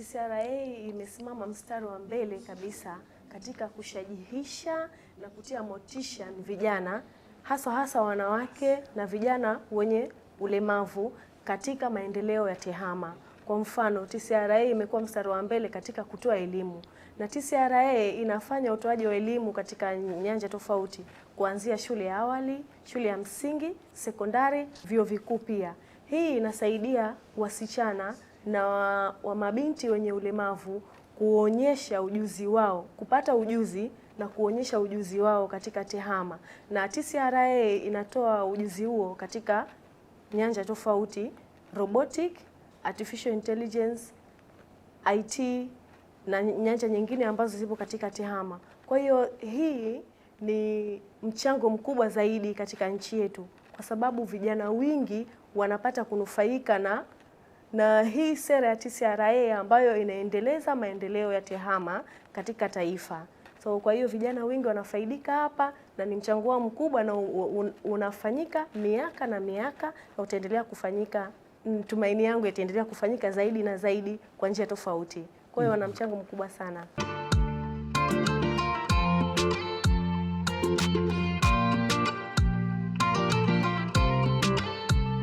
TCRA imesimama mstari wa mbele kabisa katika kushajihisha na kutia motisha vijana hasa hasa wanawake na vijana wenye ulemavu katika maendeleo ya TEHAMA. Kwa mfano, TCRA imekuwa mstari wa mbele katika kutoa elimu na TCRA inafanya utoaji wa elimu katika nyanja tofauti kuanzia shule ya awali, shule ya msingi, sekondari, vyuo vikuu pia. Hii inasaidia wasichana na wa, wa mabinti wenye ulemavu kuonyesha ujuzi wao, kupata ujuzi na kuonyesha ujuzi wao katika TEHAMA, na TCRA inatoa ujuzi huo katika nyanja tofauti: robotic, artificial intelligence, IT na nyanja nyingine ambazo zipo katika TEHAMA. Kwa hiyo hii ni mchango mkubwa zaidi katika nchi yetu, kwa sababu vijana wingi wanapata kunufaika na na hii sera ya TCRA ambayo inaendeleza maendeleo ya TEHAMA katika taifa. So kwa hiyo vijana wengi wanafaidika hapa na ni mchango wao mkubwa na unafanyika miaka na miaka na utaendelea kufanyika. Mm, tumaini yangu itaendelea kufanyika zaidi na zaidi kwa njia tofauti. Kwa hiyo wana mchango mkubwa sana.